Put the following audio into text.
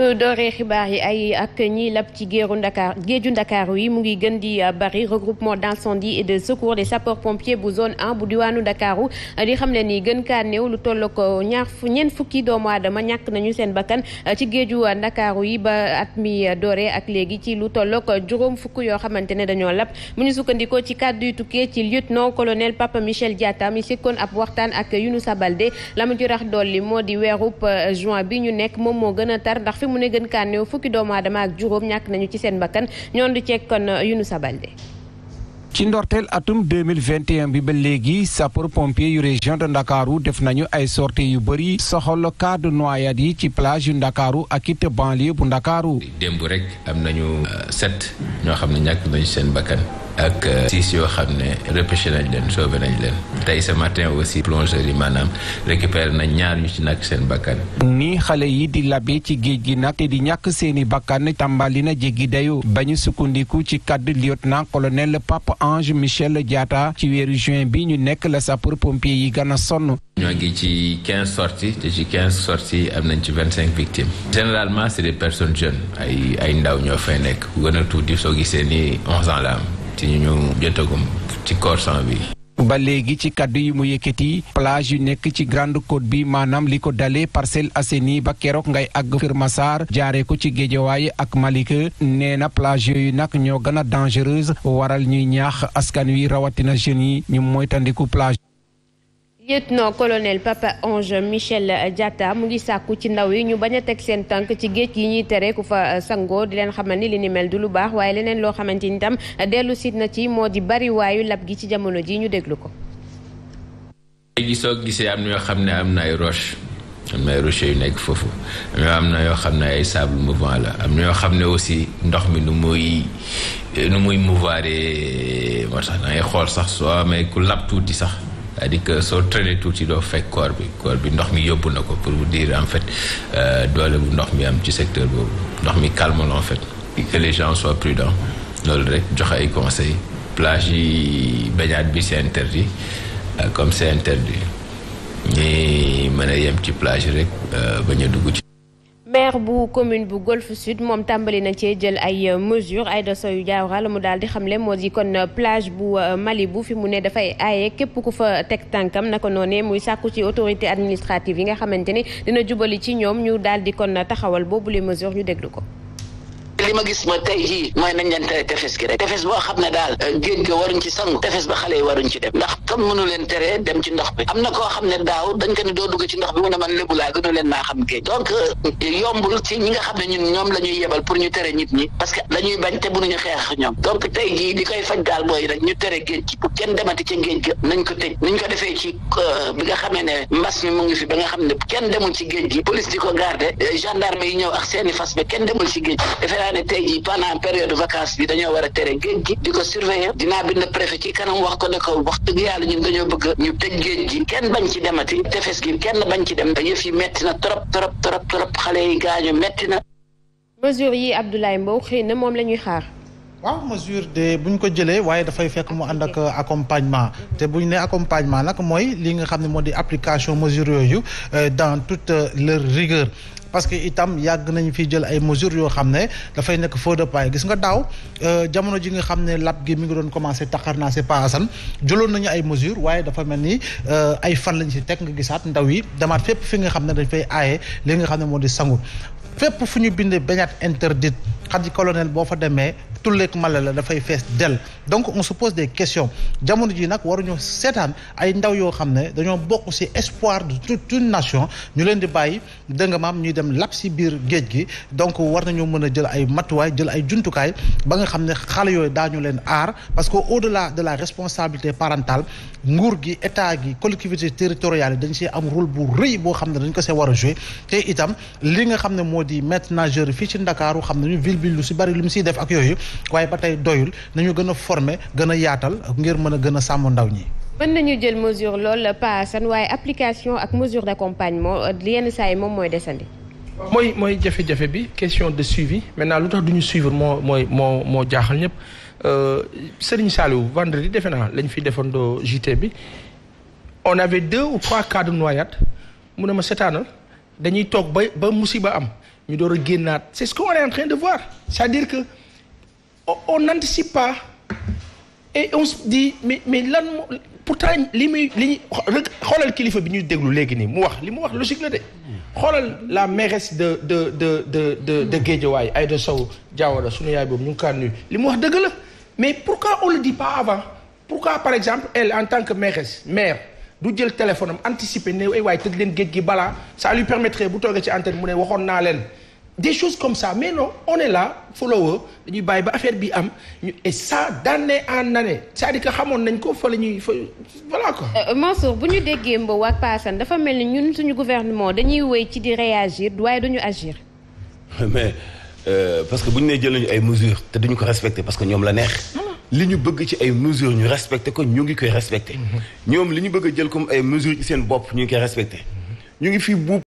ñu dooree xibaar yi ay ak ñiy lab ci géeru ndakaar géeju ndakaaru yi mu ngi gën di euh, bari regroupement d'incendie et de secours des sapeurs pompiers bu zone 1 bu diwaanu ndakaaru euh, di xam ne ni gën kaa néew lu toll ko euh, ñaar ñeent fukki doomu aadama ñàkk nañu seen bakkan ci géeju ndakaaru yi ba at mi dooree ak léegi ci lu toll ko juróom fukk yoo xamante ne dañoo lab mu ñu sukkandikoo ci kàddu yu tukkee ci lieutenant colonel Papa Michel Diatta mi sekkoon ab waxtaan ak Younoussa Baldé la mu ci rax dolli di weerub juin bi ñu nekk mu ne gën kaa néew fukki doomu ak juróom ñàkk nañu ci seen bakkan ñoon du ceeg kon Younoussa Baldé ci ndorteel atum 2021 bi ba léegi sapeur pompier yu région de ndakaaru def nañu ay sorties yu bëri soxal cas de yi ci plage yu ndakaaru ak it banlieue bu ndakaaru démb rek am nañu euh, set ñoo xam ne ñàkk nañu seen bakkan ak euh, six yoo xam ne repêché nañ leen soove nañ leen tey ce matin aussi plongeurs yi maanaam récupéré nañ ñaar ñu ci nag seen bakkan ni xale yi di labe ci géej gi nag te di ñàkk seeni bakkan tàmbali na jéggi dayo bañu sukkandiku ci kaddu lieutenant colonel Pape Ange Michel jaata ci weeru juin bi ñu nekk la sa sapeur pompier yi gën a sonn ñoo gi ci quinze sorties te ci quinze am nañ ci vingt cinq victimes généralement c'est des personne jeunes ay ay ndaw ñoo fay nekk ku gën a tuuti soo gisee ni ci ñu ñu ci corps bi. ba léegi ci kàddu yi mu yëkkati plage yu nekk ci grande côte bi maanaam li ko dalee Parcelles Assainies ba keroog ngay àgg Kër Massar jaaree ko ci Guédiawaye ak Malika nee na plage yooyu nag ñoo gën a dangereuse waral ñuy ñaax askan wi rawatina jeunes yi ñu moytandiku plage. lieutenant-colonel Papa Ange Michel Diatta mu ngi sàkku ci ndaw yi ñu bañ a teg seen tànk ci géej gi ñuy tere ku fa sangoo di leen xamal ni li ni mel du lu baax waaye leneen loo xamante ni tam dellu siit na ci moo di bariwaayu lab gi ci jamono ji ñu déglu ko. léegi soo gisee am na yoo xam ne am na ay roche am roche yu nekk foofu am na yoo xam ne la am na yoo xam ne aussi ndox mi nu muy nu muy mouvoir moo xool sax soo amee ku lab tuuti sax. c'est-à-dire que soo traîner tuuti doo fekk corps bi corps bi ndox mi yóbbu na ko pour vous dire en fait euh, doole bu ndox mi am ci secteur boobu ndox mi calme la en fait que les gens loolu rek jox ay conseils plage yi bañaat bi c'est interdit euh, comme c'est interdit ñi mën a yem ci plage rek euh, bañ a dugg ci maire bu commune bu Golf Sud moom tàmbali na cee jël ay euh, mesures Aïda Sow Diawara la mu daal di xamle moo yi kon euh, plage bu euh, mali bu fi mu ne dafay aaye képp ku fa teg tànkam naka noonee muy sàkku ci autorité administrative yi nga xamante ni dina jubali ci ñoom ñu daal di kon taxawal boobu les mesures ñu déglu ko. li ma gis ma tey jii mooy nañ leen tere tefes gi rek tefes boo xam ne daal euh, géej ko waruñ ci sangu tefes ba xale yi waruñ ci dem ndax comme mënu leen tere dem ci ndox bi am na koo xam ne daaw dañ ko doo dugg ci ndox bi mu ne man lébu laa gënu leen naa xam géej donc euh, yombul ci ñi nga xam ne ñun ñoom la ñuy yebal pour ñu tere nit ñi parce que dañuy bañ te mënuñu xeex ñoom donc tey jii di koy faj daal mooy nag ñu tere géej ci pour kenn demati ca géej gi nañ ko tëj niñ ko defee ci euh, bi nga xamee ne mbas mu ngi fi ba nga xam ne kenn demul ci géej gi police di ko garde gendarme yi ñëw ak seeni fas ba kenn demul ci géej ne tey jii pendant période vacances bi dañoo war a tere géej gi di ko surveiller dinaa bind préfet ci kanam wax ko ne ko wax dëgg yàlla ñun dañoo bëgg ñu tëj géej gi kenn bañ ci demati tefes gi kenn bañ ci dem yëf yi metti na trop trop trop xale yi gaañu metti na. mesure yi Abdoulaye Mbow xëy na moom la ñuy xaar. waaw mesure de bu ñu ko jëlee waaye dafay fekk mu ànd ak accompagnement te bu ñu nee accompagnement nag mooy li nga xam ne moo di application mesure yooyu euh, dans toute leur rigueur. parce que itam yàgg nañu fi jël ay mesures yoo xam ne dafay nekk foo de paille gis nga daaw euh, jamono ji nga xam ne lab gi mi ngi doon commencé taqar naa c'est pas asan jëloon nañu ay mesures waaye dafa mel ni euh, ay fan lañu si teg nga gisaat ndaw yi demaat fépp fi nga xam ne dañ fay aaye li nga xam ne moo di sangu fépp fu ñu bindee baignade interdite xadi colonel boo fa demee tulleek mala la dafay fees dell donc on se pose des question jamono ji nag waruñu seetaan ay ndaw yoo xam ne dañoo bokk ci espoir de toute une nation ñu leen di bàyyi dënga maam ñuy dem lab ci biir géej gi donc war nañoo mën a jël ay matuwaay jël ay juntukaay ba nga xam ne xale yooyu daa ñu leen aar parce que au la de la responsabilité parentale nguur gi état gi collectivité territoriale yi dañ ci am rôle bu rëy boo xam ne dañ ko see war a jouer di maître nageur yi fii ci Ndakaaru xam nañu ville bi lu si bari lu mu siy def ak yooyu waaye ba tey doyul nañu gën a forme gën a yaatal ngir mën a gën a sàmm ndaw ñi. mën nañu jël mesure lool paasan waaye application ak mesure d'accompagnement yenn saa yi moom mooy desandi. mooy mooy jafe bi question de suivi maintenant lu tax du ñu suivre moo mooy moo moo jaaxal ñëpp euh, Serigne Saliou vendredi defe naa lañ fi defandoo JT bi on avait deux ou trois cas de noyade mu ma seetaanal dañuy toog ba ba musiba am. ñu door a génnaat c'est ce qu'on est en train de voir c'est-à-dire que on n'anticipe pas et on se dit mais mais lan moo pourtant li muy li ñuy xoolal kilifa bi ñuy déglu léegi nii mu wax li mu wax logique la de xoolal la mairesse de de de de de de Guédiawaye Aïda Sow Diawara sunu yaay boobu ñu ngi kaa nuyu li mu wax dëgg la mais pourquoi on le dit pas avant pourquoi par exemple elle en tant que mairesse maire du jël téléphone am anticiper ne ay waay tëj leen géej gi bala ça lui permettrait toogee ci antenne mu ne waxoon naa leen des choses comme ça mais non la est là follower bàyyi ba affaire bi am ñu et ça d'année en année c'est-à-dire que xamoon nañ ko fa la ñuy fa voilà quoi. Euh, euh, Mansour bu ñu déggee Mbow ak Paasan dafa mel ni ñun suñu gouvernement dañuy wéy ci di réagir waaye duñu agir. mais euh, parce que bu ñu nee jël nañu ay mesures te duñu ko respecter parce que ñoom la neex. li ñu bëgg ci ay mesures ñu respecté ko ñu ngi koy respecté. Mhm. ñoom li ñu bëgg jël comme ay mesures ci seen bopp ñu ngi koy respecté. Mhm.